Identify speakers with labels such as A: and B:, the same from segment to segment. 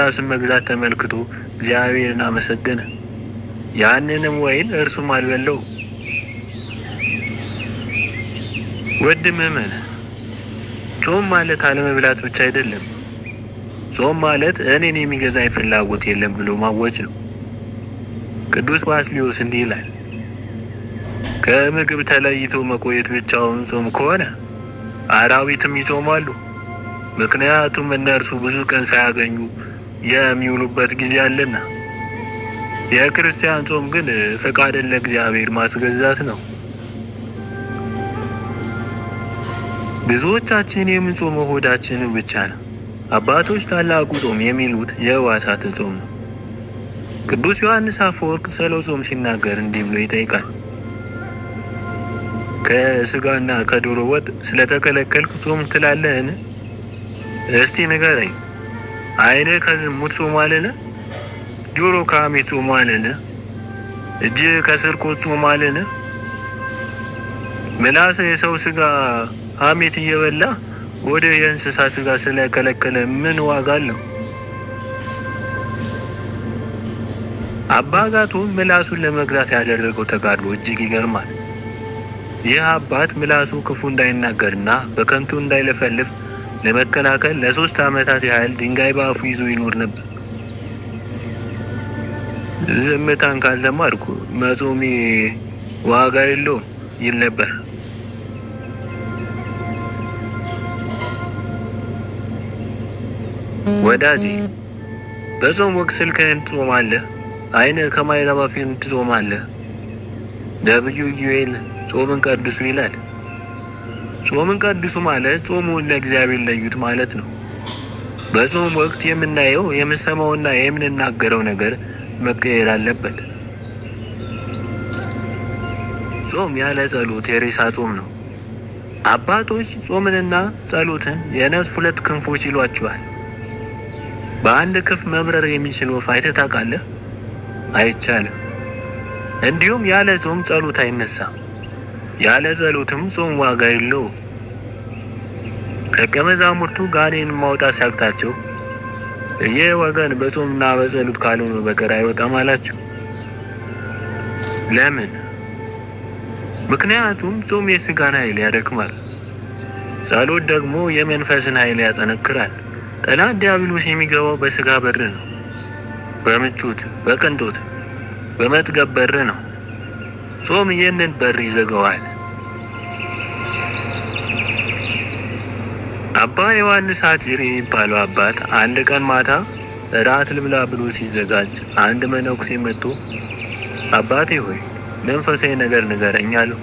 A: ራስን መግዛት ተመልክቶ እግዚአብሔርን አመሰገነ። ያንንም ወይን እርሱም አልበለው። ወድ ምዕመን፣ ጾም ማለት አለመብላት ብቻ አይደለም። ጾም ማለት እኔን የሚገዛኝ ፍላጎት የለም ብሎ ማወጭ ነው። ቅዱስ ባስሊዮስ እንዲህ ይላል፣ ከምግብ ተለይቶ መቆየት ብቻውን ጾም ከሆነ አራዊትም ይጾማሉ፣ ምክንያቱም እነርሱ ብዙ ቀን ሳያገኙ የሚውሉበት ጊዜ አለና የክርስቲያን ጾም ግን ፈቃድን ለእግዚአብሔር ማስገዛት ነው። ብዙዎቻችን የምንጾመው ሆዳችን ብቻ ነው። አባቶች ታላቁ ጾም የሚሉት የሕዋሳት ጾም ነው። ቅዱስ ዮሐንስ አፈወርቅ ስለ ጾም ሲናገር እንዲህ ብሎ ይጠይቃል። ከስጋና ከዶሮ ወጥ ስለተከለከልክ ጾም ትላለህን? እስቲ ንገረኝ። አይነ ከዝሙት ጾሟልን? ጆሮ ከሐሜት ጾሟልን? እጅ ከስርቆት ጾሟልን? ምላስ የሰው ስጋ ሐሜት እየበላ ወደ የእንስሳ ስጋ ስለከለከለ ምን ዋጋ አለው? አባ ጋቱም ምላሱን ለመግራት ያደረገው ተጋድሎ እጅግ ይገርማል። ይህ አባት ምላሱ ክፉ እንዳይናገርና በከንቱ እንዳይለፈልፍ ለመከላከል ለሶስት ዓመታት ያህል ድንጋይ በአፉ ይዞ ይኖር ነበር። ዝምታን ካልተማርኩ መጾሜ ዋጋ የለውም ይል ነበር። ወዳጄ በጾም ወቅት ስልክህን ትጾማለህ፣ አይንህ ከማይረባ ፊልም ትጾማለህ። ደብዩ ዩኤል ጾምን ቀድሱ ይላል። ጾምን ቀድሱ ማለት ጾሙን ለእግዚአብሔር ለዩት ማለት ነው። በጾም ወቅት የምናየው የምንሰማውና የምንናገረው ነገር መቀየር አለበት። ጾም ያለ ጸሎት የሬሳ ጾም ነው። አባቶች ጾምንና ጸሎትን የነፍስ ሁለት ክንፎች ይሏቸዋል። በአንድ ክንፍ መብረር የሚችል ወፍ አይተህ ታውቃለህ? አይቻልም። እንዲሁም ያለ ጾም ጸሎት አይነሳም። ያለ ጸሎትም ጾም ዋጋ የለው። ደቀ መዛሙርቱ ጋኔን ማውጣት ሲያቅታቸው ይህ ወገን በጾምና በጸሎት ካልሆነ በቀር አይወጣም አላቸው። ለምን? ምክንያቱም ጾም የስጋን ኃይል ያደክማል፣ ጸሎት ደግሞ የመንፈስን ኃይል ያጠነክራል። ጠላት ዲያብሎስ የሚገባው በስጋ በር ነው፣ በምቾት በቅንጦት በመጥገብ በር ነው። ጾም ይህንን በር ይዘገዋል። አባ ዮሐንስ ሐጺር የሚባለው አባት አንድ ቀን ማታ እራት ልብላ ብሎ ሲዘጋጅ አንድ መነኩሴ መጥቶ አባቴ ሆይ መንፈሳዊ ነገር ንገረኝ አለው።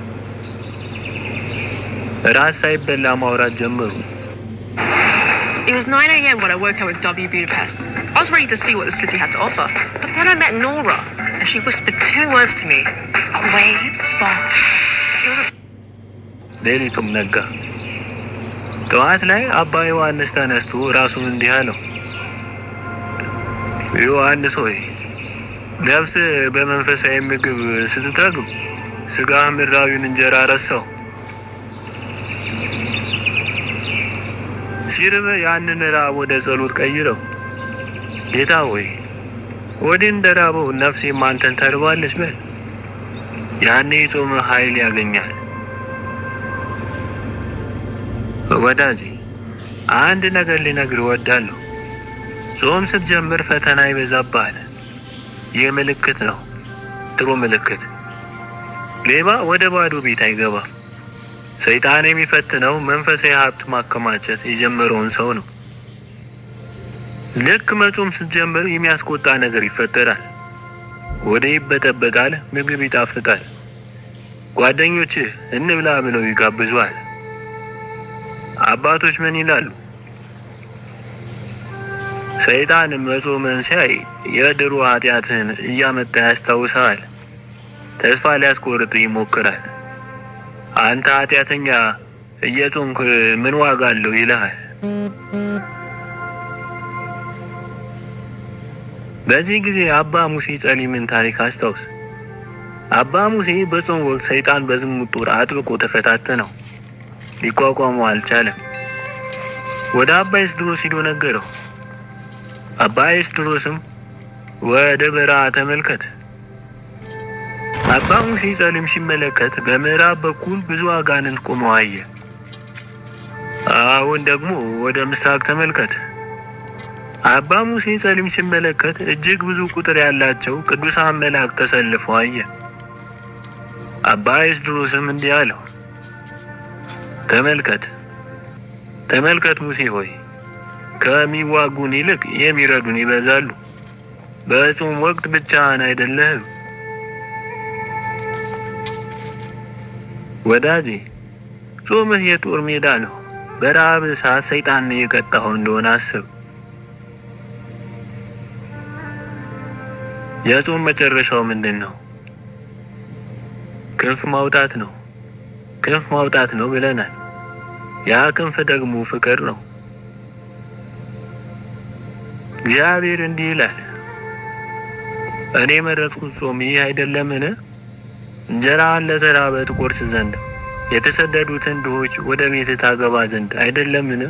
A: እራት ሳይበላ ማውራት ጀመሩ።
B: It was 9 a.m. when I woke up in W Budapest. I was ready to see what the city had to offer. But then I met Nora, and she whispered two words to me a wave spa. It was
A: a. ሌሊቱም ነጋ። ጠዋት ላይ አባ ዮሐንስ ተነስቶ ራሱን እንዲህ አለው፣ ዮሐንስ ሆይ ነፍስ በመንፈሳዊ ምግብ ስትጠግብ ስጋ ምድራዊውን እንጀራ ረሳው። ሲርበ ያንን ራብ ወደ ጸሎት ቀይረው። ጌታ ሆይ ወዲህ እንደ ራበው ማንተን ተርባለች በል። ያኔ የጾም ኃይል ያገኛል። ወዳጄ አንድ ነገር ሊነግር እወዳለሁ። ጾም ስትጀምር ፈተና ይበዛብሃል። ይህ ምልክት ነው፣ ጥሩ ምልክት። ሌባ ወደ ባዶ ቤት አይገባም። ሰይጣን የሚፈትነው መንፈሳዊ ሀብት ማከማቸት የጀመረውን ሰው ነው። ልክ መጾም ስትጀምር የሚያስቆጣ ነገር ይፈጠራል። ወደ ይበጠበጣል፣ ምግብ ይጣፍጣል፣ ጓደኞችህ እንብላ ብለው ይጋብዙሃል። አባቶች ምን ይላሉ? ሰይጣን መጾምን ሲያይ የድሮ ኃጢአትህን እያመጣ ያስታውሰሃል። ተስፋ ሊያስቆርጥ ይሞክራል። አንተ ኃጢአተኛ እየጾምክ ምን ዋጋ አለው ይልሃል። በዚህ ጊዜ አባ ሙሴ ጸሊምን ታሪክ አስታውስ። አባ ሙሴ በጾም ወቅት ሰይጣን በዝሙት ጦር አጥብቆ ተፈታተነው፣ ሊቋቋመው አልቻለም። ወደ አባ ይስድሮስ ሂዶ ነገረው። አባ ይስድሮስም ወደ በረሃ ተመልከት አባ ሙሴ ጸንም ሲመለከት በምዕራብ በኩል ብዙ አጋንንት ቆመው አየ። አሁን ደግሞ ወደ ምስራቅ ተመልከት። አባ ሙሴ ጸሊም ሲመለከት እጅግ ብዙ ቁጥር ያላቸው ቅዱሳን መልአክ ተሰልፈው አየ። አባ ኤስድሮስም እንዲህ አለው፣ ተመልከት ተመልከት ሙሴ ሆይ ከሚዋጉን ይልቅ የሚረዱን ይበዛሉ። በጾም ወቅት ብቻህን አይደለህም። ወዳጄ ጾምህ የጦር ሜዳ ነው። በረሃብ እሳት ሰይጣን የቀጣኸው እንደሆነ አስብ። የጾም መጨረሻው ምንድን ነው? ክንፍ ማውጣት ነው። ክንፍ ማውጣት ነው ብለናል። ያ ክንፍ ደግሞ ፍቅር ነው። እግዚአብሔር እንዲህ ይላል፣ እኔ መረጥኩት ጾም ይህ አይደለምን? እንጀራን ለተራበ ትቆርስ ዘንድ የተሰደዱትን ድሆች ወደ ቤት ታገባ ዘንድ አይደለምን?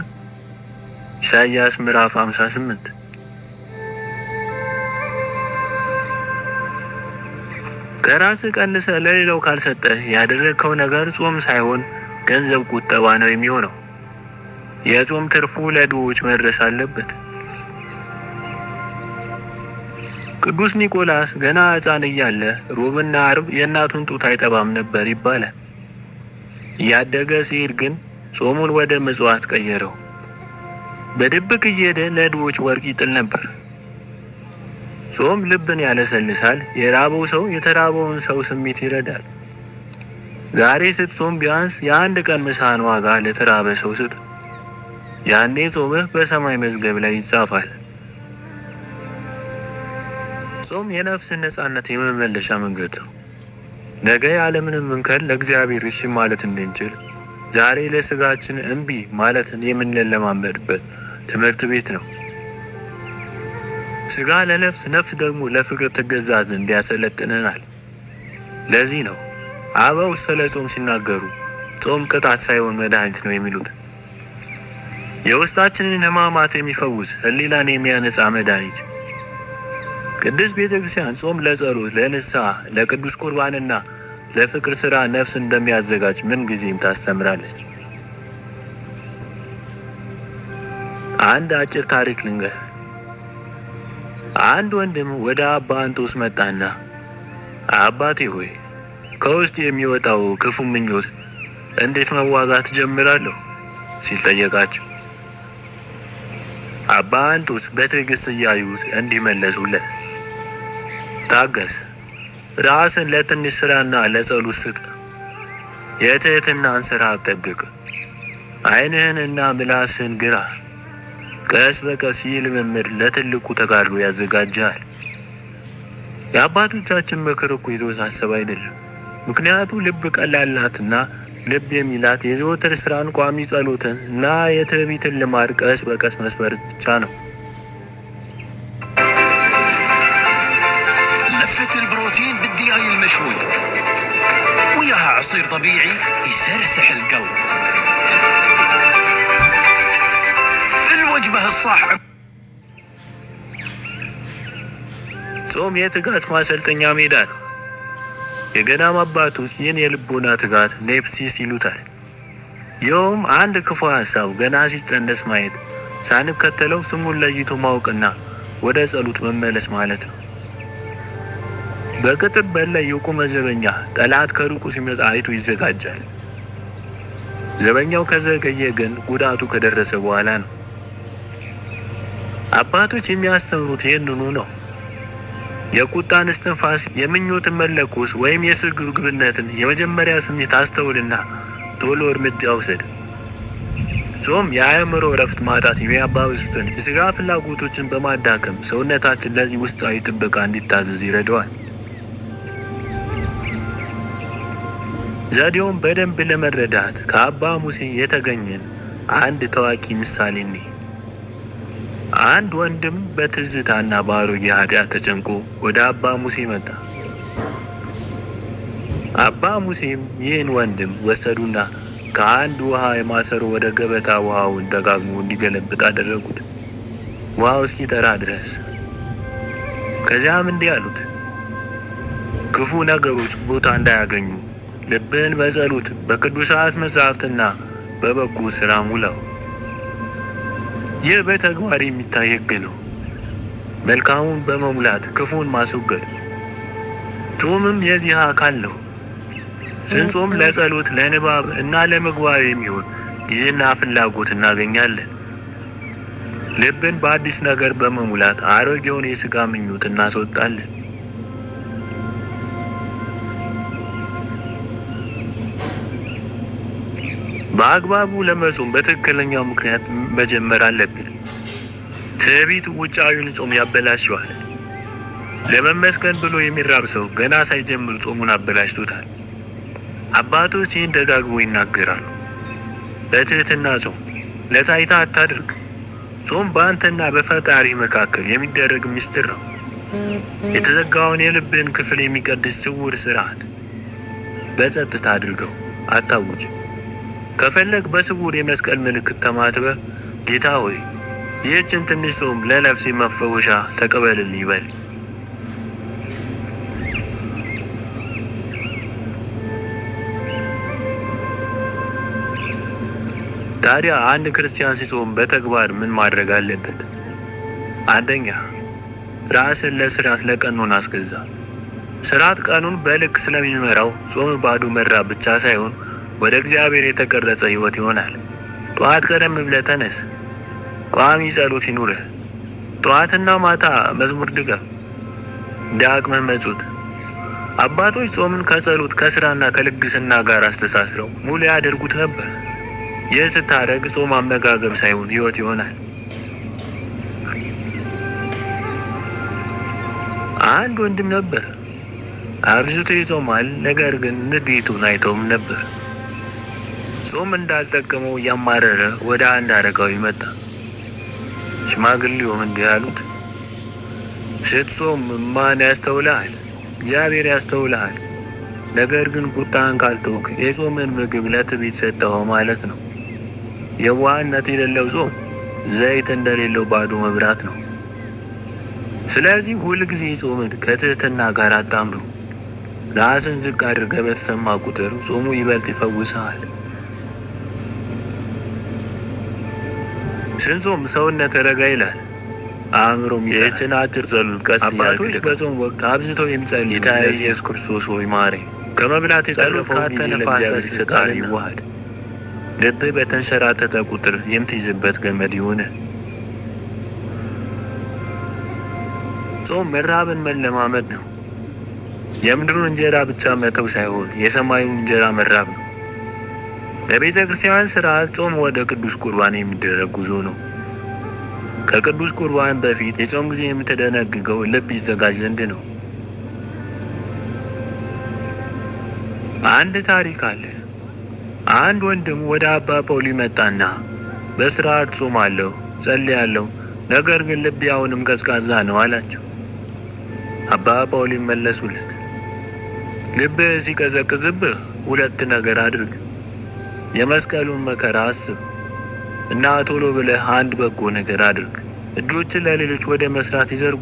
A: ኢሳይያስ ምዕራፍ 58 ከራስ ቀንሰ ለሌላው ካልሰጠህ ያደረግከው ነገር ጾም ሳይሆን ገንዘብ ቁጠባ ነው የሚሆነው። የጾም ትርፉ ለድሆች መድረስ አለበት። ቅዱስ ኒቆላስ ገና ሕፃን እያለ ሮብና አርብ የእናቱን ጡት አይጠባም ነበር ይባላል። እያደገ ሲሄድ ግን ጾሙን ወደ ምጽዋት ቀየረው። በድብቅ እየሄደ ለድዎች ወርቅ ይጥል ነበር። ጾም ልብን ያለሰልሳል፣ የራበው ሰው የተራበውን ሰው ስሜት ይረዳል። ዛሬ ስትጾም ቢያንስ የአንድ ቀን ምሳህን ዋጋ ለተራበ ሰው ስጥ። ያኔ ጾምህ በሰማይ መዝገብ ላይ ይጻፋል። ጾም የነፍስን ነጻነት የመመለሻ መንገድ ነው። ነገ ያለምንም እንከን ለእግዚአብሔር እሺ ማለት እንድንችል ዛሬ ለስጋችን እምቢ ማለትን የምንለማመድበት ትምህርት ቤት ነው። ስጋ ለነፍስ ነፍስ ደግሞ ለፍቅር ትገዛ ዘንድ ያሰለጥነናል። ለዚህ ነው አበው ስለ ጾም ሲናገሩ ጾም ቅጣት ሳይሆን መድኃኒት ነው የሚሉት። የውስጣችንን ህማማት የሚፈውስ ህሊላን የሚያነጻ መድኃኒት ቅድስት ቤተ ክርስቲያን ጾም ለጸሎት፣ ለንስሐ፣ ለቅዱስ ቁርባንና ለፍቅር ሥራ ነፍስ እንደሚያዘጋጅ ምን ጊዜም ታስተምራለች። አንድ አጭር ታሪክ ልንገር። አንድ ወንድም ወደ አባ አንጦስ መጣና አባቴ ሆይ ከውስጥ የሚወጣው ክፉ ምኞት እንዴት መዋጋት ጀምራለሁ ሲል ጠየቃቸው። አባ አንጦስ በትዕግሥት እያዩት እንዲህ መለሱለት። ታገስ። ራስን ለትንሽ ስራና ለጸሎት ስጥ። የትህትናን ስራ አጠብቅ። ዓይንህንና ምላስህን ግራ። ቀስ በቀስ ይህ ልምምድ ለትልቁ ተጋድሎ ያዘጋጃል። የአባቶቻችን ምክር እኮ የተወሳሰበ አይደለም። ምክንያቱ ልብ ቀላላትና ልብ የሚላት የዘወትር ስራን፣ ቋሚ ጸሎትን እና የትዕቢትን ልማድ ቀስ በቀስ መስበር ብቻ ነው። عصير طبيعي يسرسح القلب الوجبة الصح ጾም የትጋት ማሰልጠኛ ሜዳ ነው። የገዳም አባቶች ይህን የልቦና ትጋት ኔፕሲስ ይሉታል። ይኸውም አንድ ክፉ ሀሳብ ገና ሲጸነስ ማየት፣ ሳንከተለው ስሙን ለይቶ ማወቅና ወደ ጸሎት መመለስ ማለት ነው። በቅጥብ ላይ የቆመ ዘበኛ ጠላት ከሩቁ ሲመጣ አይቶ ይዘጋጃል። ዘበኛው ከዘገየ ግን ጉዳቱ ከደረሰ በኋላ ነው። አባቶች የሚያስተምሩት ይህንኑ ነው። የቁጣን እስትንፋስ፣ የምኞትን መለኮስ ወይም የስግብግብነትን የመጀመሪያ ስሜት አስተውልና ቶሎ እርምጃ ውሰድ። ጾም የአእምሮ እረፍት ማጣት የሚያባብሱትን የስጋ ፍላጎቶችን በማዳከም ሰውነታችን ለዚህ ውስጣዊ ጥበቃ እንዲታዘዝ ይረዳዋል። ዘዴውን በደንብ ለመረዳት ከአባ ሙሴ የተገኘን አንድ ታዋቂ ምሳሌ እኒህ። አንድ ወንድም በትዝታና በአሮጌ ኃጢአት ተጨንቆ ወደ አባ ሙሴ መጣ። አባ ሙሴም ይህን ወንድም ወሰዱና ከአንድ ውሃ የማሰሮ ወደ ገበታ ውሃውን ደጋግሞ እንዲገለብጥ አደረጉት፣ ውሃው እስኪጠራ ድረስ። ከዚያም እንዲህ አሉት፣ ክፉ ነገሮች ቦታ እንዳያገኙ ልብን በጸሎት በቅዱሳት መጻሕፍትና በበጎ ሥራ ሙላው። ይህ በተግባር የሚታይ ሕግ ነው። መልካሙን በመሙላት ክፉን ማስወገድ። ጾምም የዚህ አካል ነው። ስንጾም ለጸሎት ለንባብ እና ለምግባር የሚሆን ጊዜና ፍላጎት እናገኛለን። ልብን በአዲስ ነገር በመሙላት አሮጌውን የሥጋ ምኞት እናስወጣለን። በአግባቡ ለመጾም በትክክለኛው ምክንያት መጀመር አለብን። ትዕቢት ውጫዊውን ጾም ያበላሸዋል። ለመመስገን ብሎ የሚራብ ሰው ገና ሳይጀምር ጾሙን አበላሽቶታል። አባቶች ይህን ደጋግቦ ይናገራሉ። በትህትና ጾም ለታይታ አታድርግ። ጾም በአንተና በፈጣሪ መካከል የሚደረግ ምስጢር ነው። የተዘጋውን የልብን ክፍል የሚቀድስ ስውር ስርዓት በጸጥታ አድርገው አታውጅ። ከፈለግ በስውር የመስቀል ምልክት ተማትበ ጌታ ሆይ ይህችን ትንሽ ጾም ለነፍሴ መፈወሻ ተቀበልን ይበል። ታዲያ አንድ ክርስቲያን ሲጾም በተግባር ምን ማድረግ አለበት? አንደኛ ራስን ለስርዓት ለቀኑን አስገዛ። ስርዓት ቀኑን በልክ ስለሚመራው ጾም ባዶ መራ ብቻ ሳይሆን ወደ እግዚአብሔር የተቀረጸ ሕይወት ይሆናል። ጠዋት ቀደም ብለህ ተነስ። ቋሚ ጸሎት ይኑርህ። ጠዋትና ማታ መዝሙር ድጋ ዳግመ መጹት አባቶች ጾምን ከጸሎት ከስራና ከልግስና ጋር አስተሳስረው ሙሉ ያደርጉት ነበር። ይህ ስታደርግ ጾም አመጋገብ ሳይሆን ሕይወት ይሆናል። አንድ ወንድም ነበር፣ አብዝቶ ይጾማል፣ ነገር ግን ንዴቱን አይተውም ነበር። ጾም እንዳልጠቀመው እያማረረ ወደ አንድ አረጋዊ መጣ። ሽማግሌውም እንዲህ አሉት፣ ስትጾም ማን ያስተውልሃል? እግዚአብሔር ያስተውልሃል። ነገር ግን ቁጣን ካልተውክ የጾምን ምግብ ለትዕቢት ሰጠኸው ማለት ነው። የዋህነት የሌለው ጾም ዘይት እንደሌለው ባዶ መብራት ነው። ስለዚህ ሁልጊዜ ጾምን ከትህትና ጋር አጣምሩ። ራስን ዝቅ አድርገህ በተሰማ ቁጥር ጾሙ ይበልጥ ይፈውሰሃል። ስንጾም ሰውነት ረጋ ይላል፣ አእምሮም ይህችን አጭር ጸሎት ቀስ አባቶች በጾም ወቅት አብዝተው የሚጸልዩ ጌታ ኢየሱስ ክርስቶስ ሆይ ማረኝ። ከመብላት የጸሎት ካተነፋሰስ ጋር ይዋሃድ። ልብ በተንሸራተተ ቁጥር የምትይዝበት ገመድ ይሆነ። ጾም መራብን መለማመድ ነው። የምድሩን እንጀራ ብቻ መተው ሳይሆን የሰማዩን እንጀራ መራብ ነው። በቤተ ክርስቲያን ስርዓት ጾም ወደ ቅዱስ ቁርባን የሚደረግ ጉዞ ነው። ከቅዱስ ቁርባን በፊት የጾም ጊዜ የምትደነግገው ልብ ይዘጋጅ ዘንድ ነው። አንድ ታሪክ አለ። አንድ ወንድም ወደ አባ ጳውሊ መጣና በስርዓት ጾም አለው ጸልያለሁ፣ ነገር ግን ልብ አሁንም ቀዝቃዛ ነው አላቸው። አባ ጳውሊ መለሱለት፣ ልብህ ሲቀዘቅዝብህ ሁለት ነገር አድርግ የመስቀሉን መከራ አስብ እና ቶሎ ብለህ አንድ በጎ ነገር አድርግ። እጆችን ለሌሎች ወደ መስራት ይዘርጉ።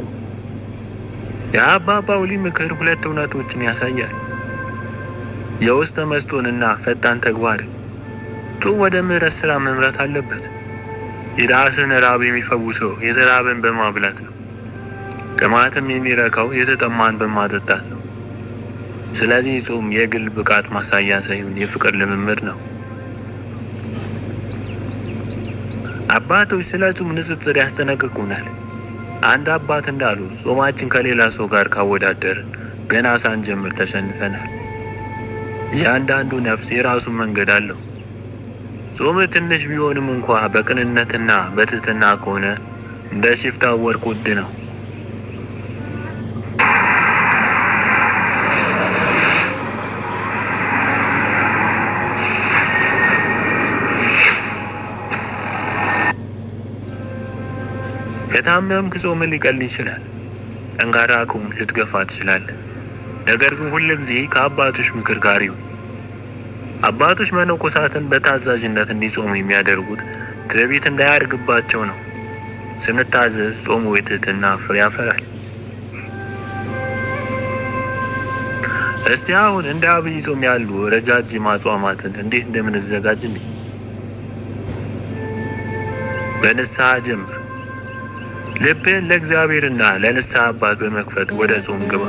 A: የአባ ጳውሊ ምክር ሁለት እውነቶችን ያሳያል፤ የውስጥ ተመስጦንና ፈጣን ተግባር። ጡ ወደ ምሕረት ሥራ መምራት አለበት። የዳስን ራብ የሚፈውሰው የተራበን በማብላት ነው። ጥማትም የሚረካው የተጠማን በማጠጣት ነው። ስለዚህ ጾም የግል ብቃት ማሳያ ሳይሆን የፍቅር ልምምድ ነው። አባቶች ስለ ንጽጽር ያስጠነቅቁናል። አንድ አባት እንዳሉ ጾማችን ከሌላ ሰው ጋር ካወዳደር ገና ሳንጀምር ተሸንፈናል። እያንዳንዱ ነፍስ የራሱ መንገድ አለው። ጾም ትንሽ ቢሆንም እንኳ በቅንነትና በትህትና ከሆነ እንደ ሽፍታ ወርቅ ውድ ነው። ከታመምክ ጾም ሊቀል ይችላል። ጠንካራ ከሆን ልትገፋ ትችላለን። ነገር ግን ሁል ጊዜ ከአባቶች ምክር ጋር ይሁን። አባቶች መነኮሳትን በታዛዥነት እንዲጾሙ የሚያደርጉት ትዕቢት እንዳያድግባቸው ነው። ስንታዘዝ ጾሙ የትህትና ፍሬ ያፈራል። እስቲ አሁን እንደ አብይ ጾም ያሉ ረጃጅም አጽዋማትን እንዴት እንደምንዘጋጅ በንስሐ ጀምር። ልብህን ለእግዚአብሔርና ለንስሐ አባት በመክፈት ወደ ጾም ግባ።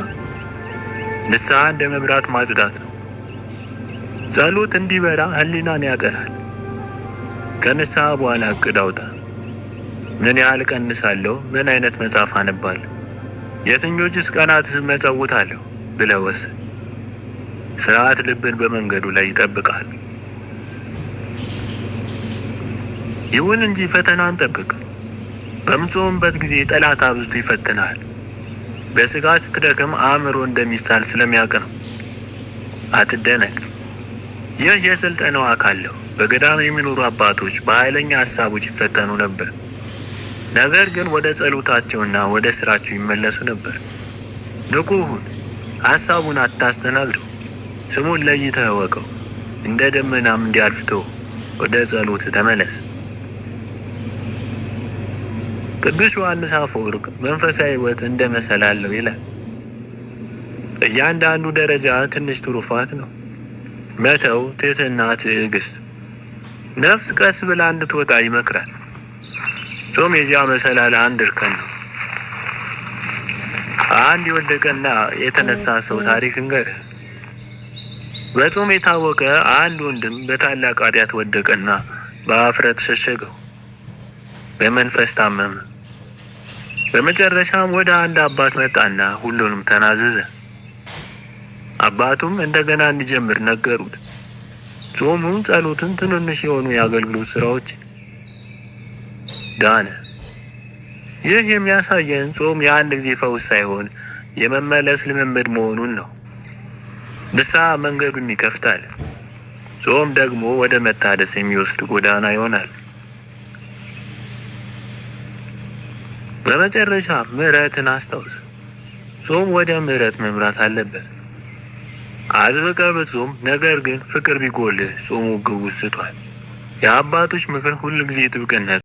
A: ንስሐ እንደ መብራት ማጽዳት ነው። ጸሎት እንዲበራ ህሊናን ያጠራል። ከንስሐ በኋላ እቅድ አውጣ። ምን ያህል ቀንሳለሁ? ምን አይነት መጽሐፍ አነባለሁ? የትኞችስ ቀናትስ መጸውታለሁ ብለህ ወስን። ስርዓት ልብን በመንገዱ ላይ ይጠብቃል። ይሁን እንጂ ፈተናን ጠብቅ። በምጾምበት ጊዜ ጠላት አብዝቶ ይፈትናል። በስጋ ስትደክም አእምሮ እንደሚሳል ስለሚያውቅ ነው። አትደነቅ። ይህ የስልጠናው አካል ነው። በገዳም የሚኖሩ አባቶች በኃይለኛ ሀሳቦች ይፈተኑ ነበር። ነገር ግን ወደ ጸሎታቸውና ወደ ስራቸው ይመለሱ ነበር። ንቁ ሁን። ሀሳቡን አታስተናግደው። ስሙን ለይተህ እወቀው። እንደ ደመናም እንዲያልፍቶ ወደ ጸሎት ተመለስ። ቅዱስ ዮሐንስ አፈወርቅ መንፈሳዊ ሕይወት እንደ መሰላለው ይላል። እያንዳንዱ ደረጃ ትንሽ ትሩፋት ነው። መተው፣ ትህትና፣ ትዕግስት ነፍስ ቀስ ብላ እንድትወጣ ይመክራል። ጾም የዚያ መሰላል አንድ እርከን ነው። አንድ የወደቀና የተነሳ ሰው ታሪክ እንገር። በጾም የታወቀ አንድ ወንድም በታላቅ ኃጢአት ወደቀና በአፍረት ሸሸገው፣ በመንፈስ ታመመ። በመጨረሻም ወደ አንድ አባት መጣና ሁሉንም ተናዘዘ። አባቱም እንደገና እንዲጀምር ነገሩት። ጾሙን፣ ጸሎትን፣ ትንንሽ የሆኑ የአገልግሎት ስራዎች ዳነ። ይህ የሚያሳየን ጾም የአንድ ጊዜ ፈውስ ሳይሆን የመመለስ ልምምድ መሆኑን ነው። ንስሐ መንገዱን ይከፍታል። ጾም ደግሞ ወደ መታደስ የሚወስድ ጎዳና ይሆናል። በመጨረሻ ምሕረትን አስታውስ። ጾም ወደ ምሕረት መምራት አለበት። አጥብቀ ብትጾም ነገር ግን ፍቅር ቢጎልህ ጾሙ ግቡ ስቷል። የአባቶች ምክር ሁል ጊዜ ጥብቅነት